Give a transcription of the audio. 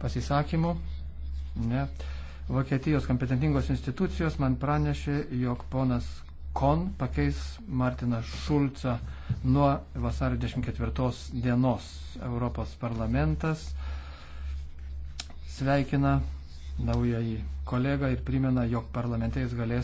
pasisakymų? Ne. Vokietijos kompetentingos institucijos man pranešė, jog ponas Kon pakeis Martiną Šulcą nuo vasario 24 dienos. Europos parlamentas sveikina naująjį kolegą ir primena, jog parlamentėjus galės